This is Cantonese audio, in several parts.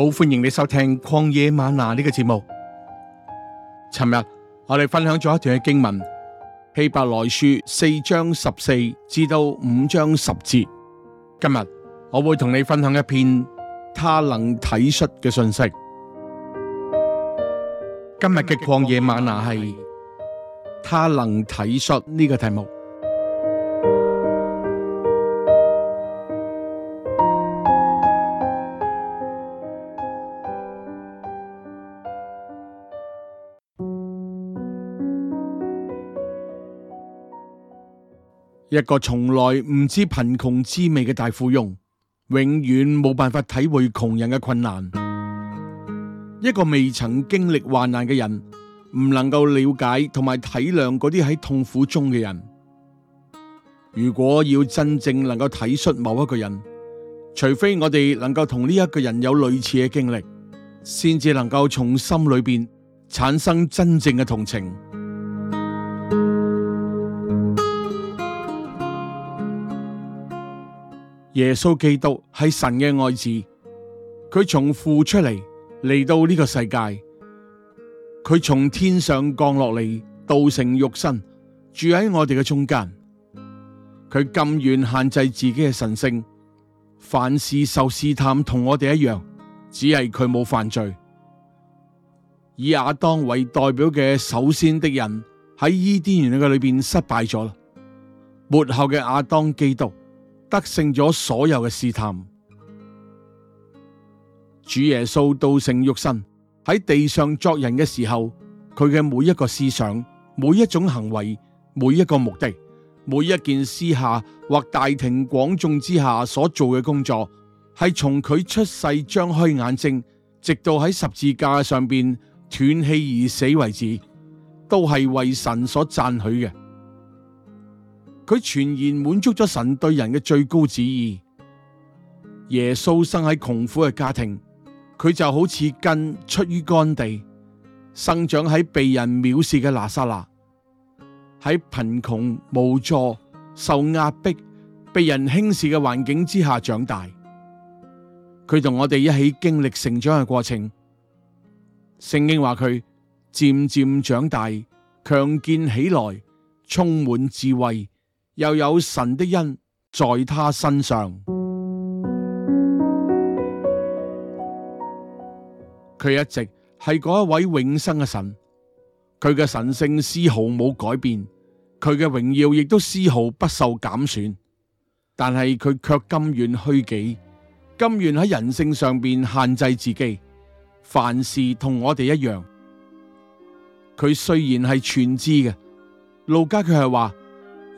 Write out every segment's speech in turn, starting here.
好歡迎你收聽曠野嗎哪呢、這個節目。尋日我哋分享咗一段嘅經文，希伯來書四章十四至到五章十節。今日我會同你分享一篇祂能體恤嘅信息。今日嘅曠野嗎哪係祂能體恤呢個題目。 一個從來唔知貧窮滋味嘅大富翁，永遠冇辦法體會窮人嘅困難。一個未曾經歷患難嘅人，唔能夠了解同埋體諒嗰啲喺痛苦中嘅人。如果要真正能夠體恤某一個人，除非我哋能夠同呢一個人有類似嘅經歷，先至能夠從心裏邊產生真正嘅同情。耶穌基督係神嘅愛子，佢從父出嚟嚟到呢個世界，佢從天上降落嚟，道成肉身住喺我哋嘅中間。佢甘願限制自己嘅神性，凡事受試探，同我哋一樣，只係佢冇犯罪。以亞當為代表嘅首先的人喺伊甸園嘅裏邊失敗咗啦，末後嘅亞當基督。得勝咗所有嘅試探，主耶穌道成肉身喺地上作人嘅時候，佢嘅每一個思想、每一種行為、每一個目的、每一件私下或大庭廣眾之下所做嘅工作，係從佢出世張開眼睛，直到喺十字架上邊斷氣而死為止，都係為神所讚許嘅。佢全然滿足咗神對人嘅最高旨意。耶穌生喺窮苦嘅家庭，佢就好似根出於乾地，生長喺被人藐視嘅拿撒勒，喺貧窮無助、受壓迫、被人輕視嘅環境之下長大。佢同我哋一起經歷成長嘅過程。聖經話佢漸漸長大，強健起來，充滿智慧。又有神的恩在他身上，佢一直係嗰一位永生嘅神，佢嘅神性絲毫冇改變，佢嘅榮耀亦都絲毫不受減損。但係佢卻甘願虛己，甘願喺人性上邊限制自己，凡事同我哋一樣。佢雖然係全知嘅，路加佢係話。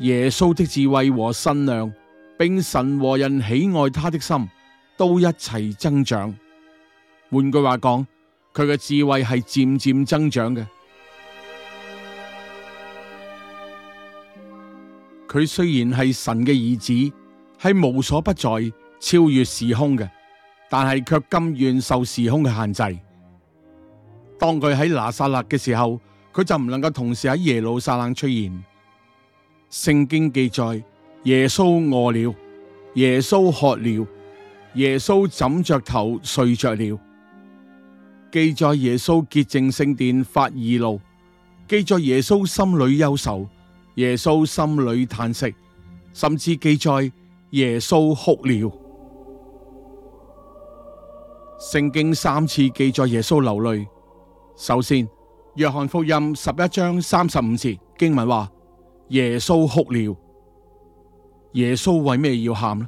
耶穌的智慧和身量，並神和人喜愛他的心，都一齊增長。換句話講，佢嘅智慧是漸漸增長嘅。佢雖然是神嘅兒子，係無所不在、超越時空嘅，但是卻甘願受時空嘅限制。當佢喺拿撒勒嘅時候，佢就唔能夠同時喺耶路撒冷出現。聖經記載耶穌餓了，耶穌渴了，耶穌枕着頭睡着了。記載耶穌潔淨聖殿，發義怒。記載耶穌心裏憂愁，耶穌心裏嘆息，甚至記載耶穌哭了。聖經三次記載耶穌流淚。首先，約翰福音十一章三十五節經文話。耶穌哭了，耶穌為咩要喊咧？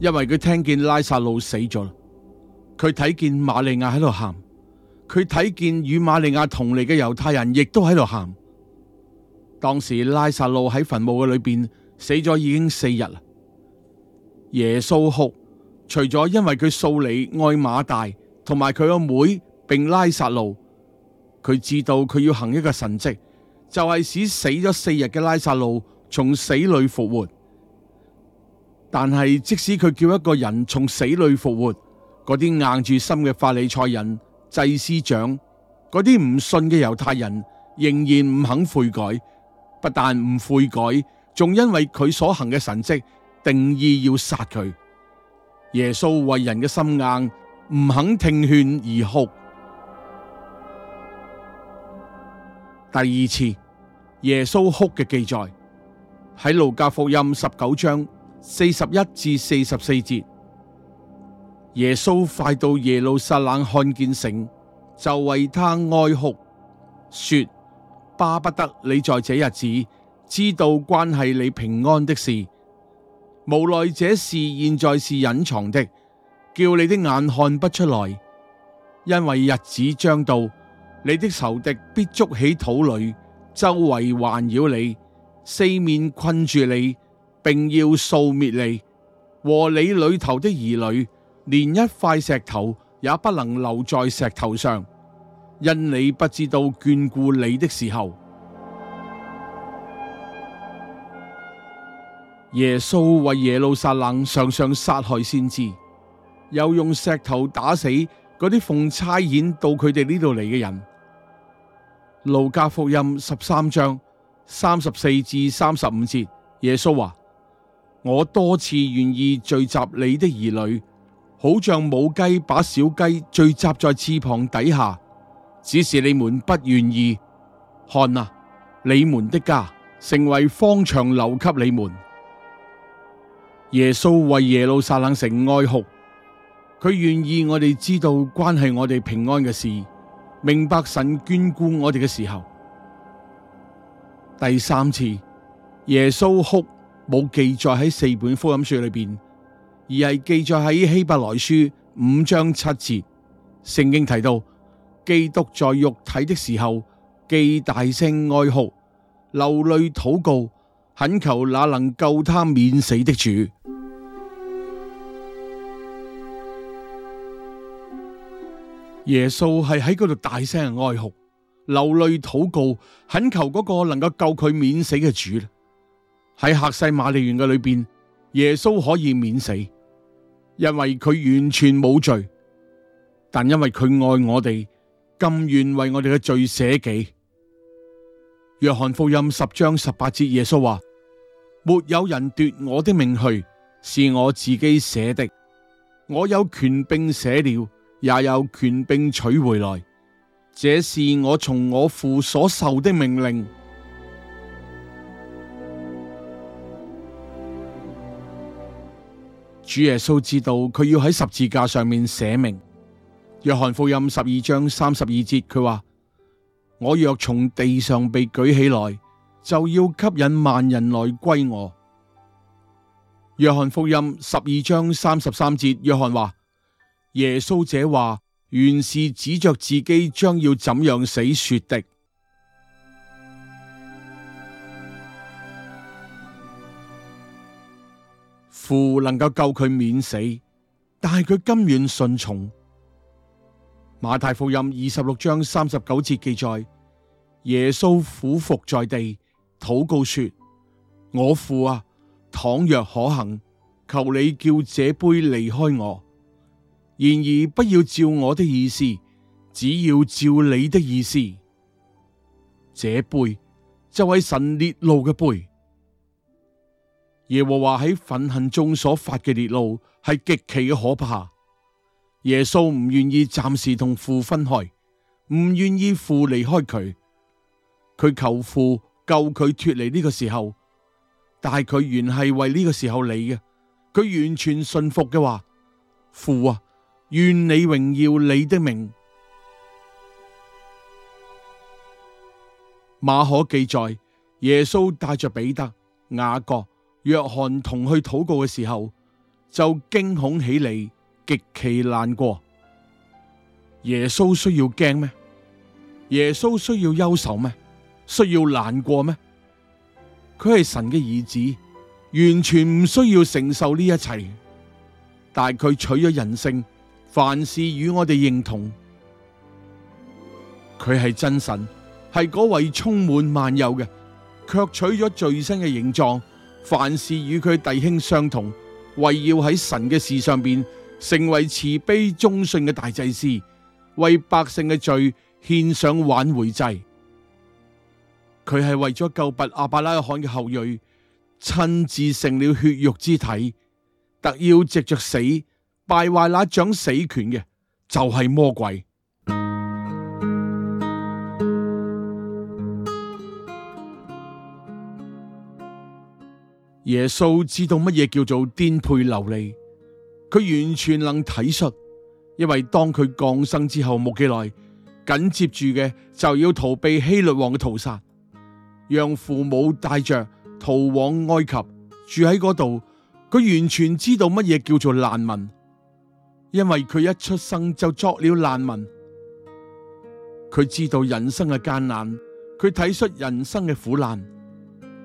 因為佢聽見拉撒路死咗啦，佢睇見瑪利亞喺度喊，佢睇見與瑪利亞同嚟嘅猶太人亦都喺度喊。當時拉撒路喺墳墓嘅裏邊死咗已經四日啦。耶穌哭，除咗因為佢素來愛馬大同埋佢個妹並拉撒路，佢知道佢要行一個神蹟，就係使死咗四日嘅拉撒路從死裏復活，但係即使佢叫一個人從死裏復活，嗰啲硬住心嘅法利賽人、祭司長、嗰啲唔信嘅猶太人仍然唔肯悔改，不但唔悔改，仲因為佢所行嘅神蹟，定意要殺佢。耶穌為人嘅心硬，唔肯聽勸而哭。第二次耶穌哭嘅記載喺路加福音十九章四十一至四十四節。耶穌快到耶路撒冷，看見城就為他哀哭，說：巴不得你在這日子知道關係你平安的事，無奈這事現在是隱藏的，叫你的眼看不出來，因為日子將到。你的仇敵必捉起土壘，周圍環繞你，四面困住你，並要掃滅你和你裏頭的兒女，連一塊石頭也不能留在石頭上，因你不知道眷顧你的時候。耶穌為耶路撒冷常常殺害先知，又用石頭打死嗰啲奉差遣到佢哋呢度嚟嘅人。路加福音十三章三十四至三十五節，耶穌話：我多次願意聚集你的兒女，好像母雞把小雞聚集在翅膀底下，只是你們不願意。看啊，你們的家成為荒場，留給你們。耶穌為耶路撒冷城哀哭，佢願意我哋知道關係我哋平安嘅事。明白神眷顧我哋嘅時候，第三次耶穌哭冇記載喺四本福音書裏邊，而係記載喺希伯來書五章七節。聖經提到，基督在肉體的時候，既大聲哀哭，流淚禱告，懇求那能救他免死的主。耶穌係喺嗰度大聲哀哭、流淚禱告、懇求嗰個能夠救佢免死嘅主。喺客西瑪利園嘅裏邊，耶穌可以免死，因為佢完全冇罪。但因為佢愛我哋，甘願為我哋嘅罪捨己。約翰福音十章十八節，耶穌話：沒有人奪我的命去，是我自己捨的，我有權並捨了。也有權並取回來，這是我從我父所受的命令。主耶穌知道佢要喺十字架上面捨命。約翰福音十二章三十二節，佢話：我若從地上被舉起來，就要吸引萬人來歸我。約翰福音十二章三十三節，約翰話。耶穌這話原是指着自己將要怎樣死說的。父能夠救佢免死，但係佢甘願順從。馬太福音二十六章三十九節記載，耶穌俯伏在地，禱告說：我父啊，倘若可行，求你叫這杯離開我。然而不要照我的意思，只要照你的意思。這杯就係、是、神烈怒嘅杯。耶和華喺憤恨中所發嘅烈怒係極其嘅可怕。耶穌唔願意暫時同父分開，唔願意父離開佢。佢求父救佢脫離呢個時候，但係佢原係為呢個時候嚟嘅。佢完全信服嘅話，父啊！願你榮耀你的名。馬可記載，耶穌帶着彼得、雅各、約翰同去禱告嘅時候，就驚恐起嚟，極其難過。耶穌需要驚咩？耶穌需要憂愁咩？需要難過咩？佢係神嘅兒子，完全唔需要承受呢一切，但佢取咗人性。凡事與我哋認同，佢係真神，係嗰位充滿萬有嘅，卻取咗罪身嘅形狀。凡事與佢弟兄相同，為要喺神嘅事上面成為慈悲忠信嘅大祭司，為百姓嘅罪獻上挽回祭。佢係為咗救拔亞伯拉罕嘅後裔，親自成了血肉之體，特要藉着死。敗壞那掌死權嘅就係魔鬼。耶穌知道乜嘢叫做顛沛流離，佢完全能體恤，因為當佢降生之後冇幾耐，緊接住嘅就要逃避希律王嘅屠殺，讓父母帶着逃往埃及住喺嗰度。佢完全知道乜嘢叫做難民。因為佢一出生就作了難民，佢知道人生嘅艱難，佢睇出人生嘅苦難，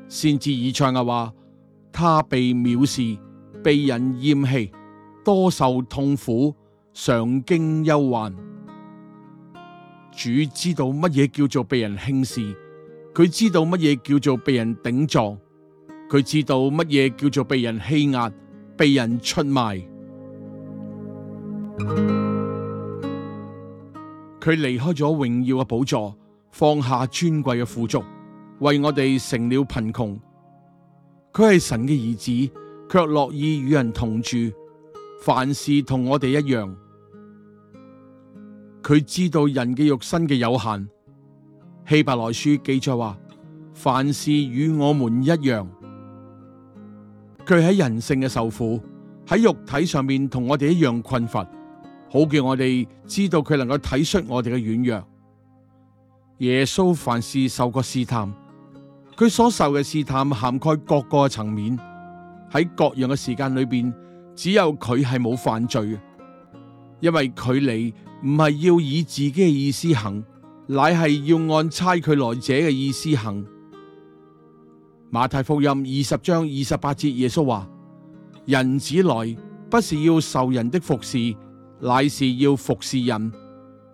先至以賽亞嘅話，他被藐視，被人厭棄，多受痛苦，常經憂患。主知道乜嘢叫做被人輕視，佢知道乜嘢叫做被人頂撞，佢知道乜嘢叫做被人欺壓，壓、被人出賣。佢離開咗榮耀嘅寶座，放下尊貴嘅富足，為我哋成了貧窮。佢係神嘅兒子，卻樂意與人同住，凡事同我哋一樣。佢知道人嘅肉身嘅有限。希伯來書記載話，凡事與我們一樣。佢喺人性嘅受苦，喺肉體上面同我哋一樣困乏。好叫我哋知道佢能夠體恤我哋嘅軟弱。耶穌凡事受過試探，佢所受嘅試探涵蓋各個層面，喺各樣嘅時間裏邊，只有佢係冇犯罪嘅，因為佢嚟唔係要以自己嘅意思行，乃係要按差佢來者嘅意思行。馬太福音二十章二十八節，耶穌話：人子來不是要受人的服侍。乃是要服侍人，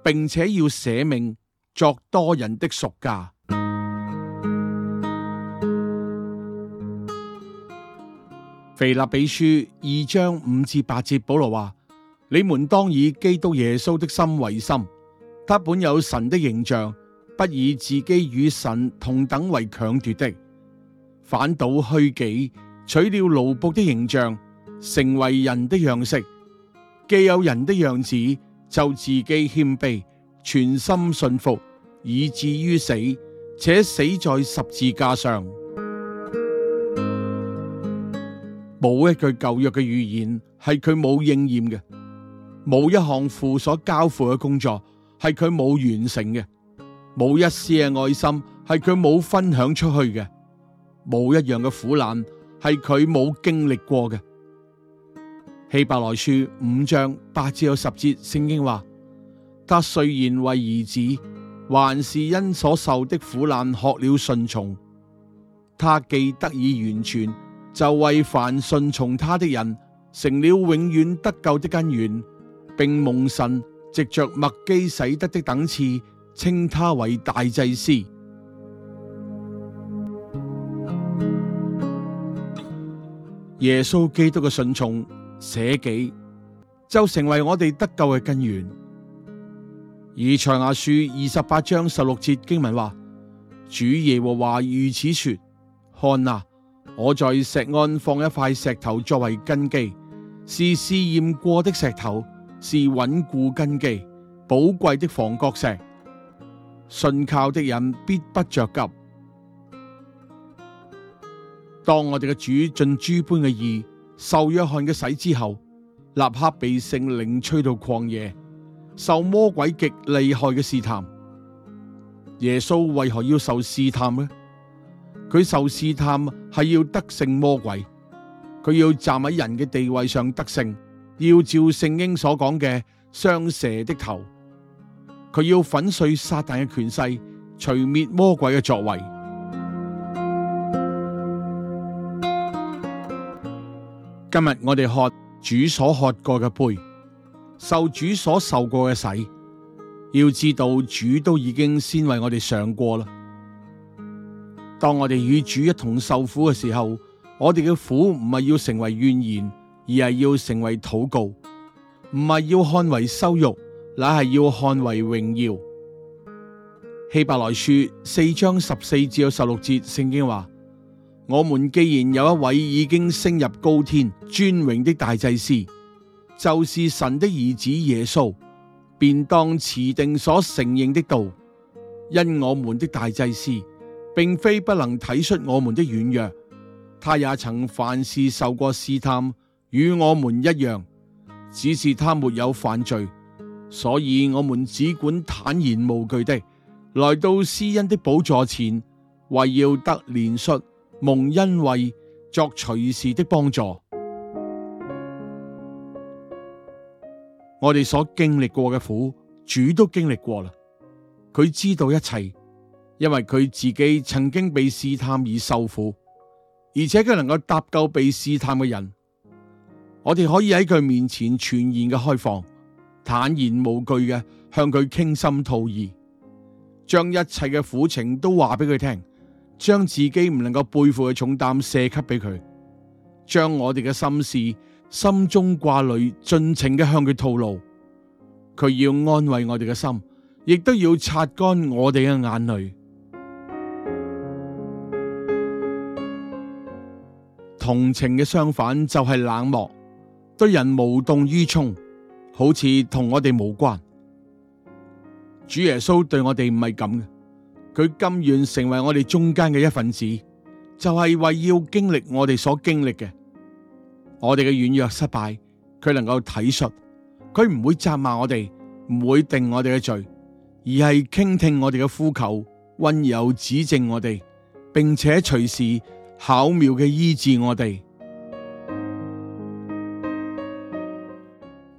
並且要捨命作多人的贖價。腓立比書二章五至八節，保羅話：你們當以基督耶穌的心為心，他本有神的形象，不以自己與神同等為強奪的，反倒虛己，取了奴僕的形象，成為人的樣式。既有人的樣子，就自己謙卑，全心信服，以至於死，且死在十字架上。冇一句舊約嘅預言係佢冇應驗嘅，冇一項父所交付嘅工作係佢冇完成嘅，冇一絲嘅愛心係佢冇分享出去嘅，冇一樣嘅苦難係佢冇經歷過嘅。希伯來書五章八至有十節，聖經話：他雖然為兒子，還是因所受的苦難，學了順從。他既得以完全，就為凡順從他的人，成了永遠得救的根源，並蒙神藉着麥基洗德的等次，稱他為大祭司。耶穌基督嘅信從。捨己就成為我哋得救嘅根源。以賽亞書二十八章十六節經文話：主耶和華如此說：看啊，我在錫安放一塊石頭作為根基，是試,試驗過的石頭，是穩固根基、寶貴的房角石。信靠的人必不着急。當我哋嘅主盡諸般嘅意。受約翰嘅洗之後，立刻被聖靈吹到曠野，受魔鬼極厲害嘅試探。耶穌為何要受試探呢？佢受試探係要得勝魔鬼，佢要站喺人嘅地位上得勝，要照聖經所講嘅傷蛇的頭，佢要粉碎撒旦嘅權勢，除滅魔鬼嘅作為。今日我哋喝主所喝過嘅杯，受主所受過嘅洗，要知道主都已經先為我哋嘗過啦。當我哋與主一同受苦嘅時候，我哋嘅苦唔係要成為怨言，而係要成為禱告，唔係要看為羞辱，乃係要看為榮耀。希伯來書四章十四至到十六節聖經話。我們既然有一位已經升入高天、尊榮的大祭司，就是神的兒子耶穌，便當持定所承認的道。因我們的大祭司並非不能體恤我們的軟弱，他也曾凡事受過試探，與我們一樣，只是他沒有犯罪，所以我們只管坦然無懼的來到施恩的寶座前，為要得憐恤。蒙恩惠作隨時的幫助，我哋所經歷過嘅苦，主都經歷過啦。佢知道一切，因為佢自己曾經被試探而受苦，而且佢能夠搭救被試探嘅人。我哋可以喺佢面前全然嘅開放，坦然無懼嘅向佢傾心吐意，將一切嘅苦情都話俾佢聽。將自己唔能夠背負嘅重擔卸給俾佢，將我哋嘅心事、心中掛慮，盡情嘅向佢吐露。佢要安慰我哋嘅心，亦都要擦乾我哋嘅眼淚。同情嘅相反就係冷漠，對人無動於衷，好似同我哋無關。主耶穌對我哋唔係咁嘅。佢甘願成為我哋中間嘅一份子，就係為要經歷我哋所經歷嘅，我哋嘅軟弱失敗，佢能夠體恤，佢唔會責罵我哋，唔會定我哋嘅罪，而係傾聽我哋嘅呼求，溫柔指正我哋，並且隨時巧妙嘅醫治我哋。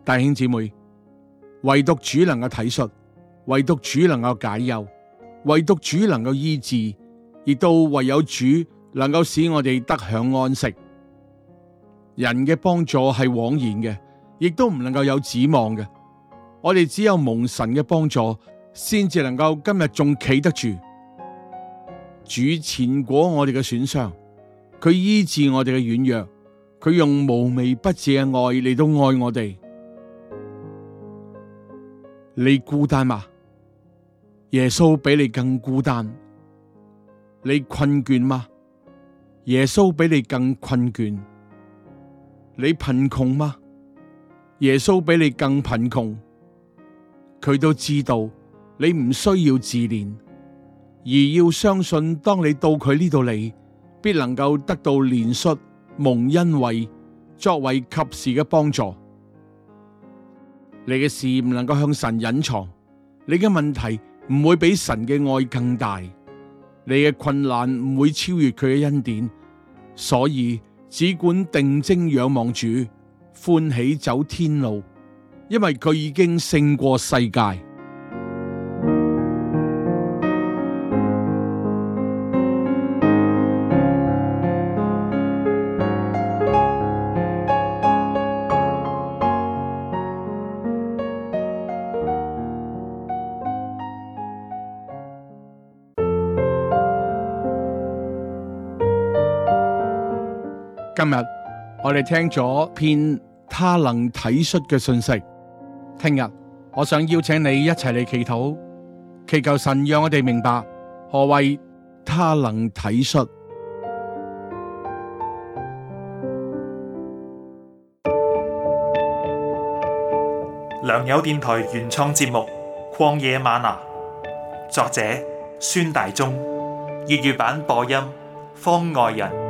弟兄姊妹，唯獨主能夠體恤，唯獨主能夠解憂。唯獨主能夠醫治，亦都唯有主能夠使我哋得享安息。人嘅幫助係枉然嘅，亦都唔能夠有指望嘅。我哋只有蒙神嘅幫助，先至能夠今日仲企得住。主纏裹我哋嘅損傷，佢醫治我哋嘅軟弱，佢用無微不至嘅愛嚟到愛我哋。你孤單嗎、啊？耶穌比你更孤單，你困倦嗎？耶穌比你更困倦，你貧窮嗎？耶穌比你更貧窮，佢都知道你唔需要自憐，而要相信，當你到佢呢度嚟，必能夠得到憐恤、蒙恩惠，作為及時嘅幫助。你嘅事唔能夠向神隱藏，你嘅問題，唔會比神嘅愛更大，你嘅困難唔會超越佢嘅恩典，所以只管定睛仰望主，歡喜走天路，因為佢已經勝過世界。今日我哋聽咗篇他能體恤嘅信息，聽日我想邀請你一齊嚟祈禱，祈求神讓我哋明白何謂他能體恤。良友電台原創節目《曠野嗎哪》，作者孫大中，粵語版播音方外人。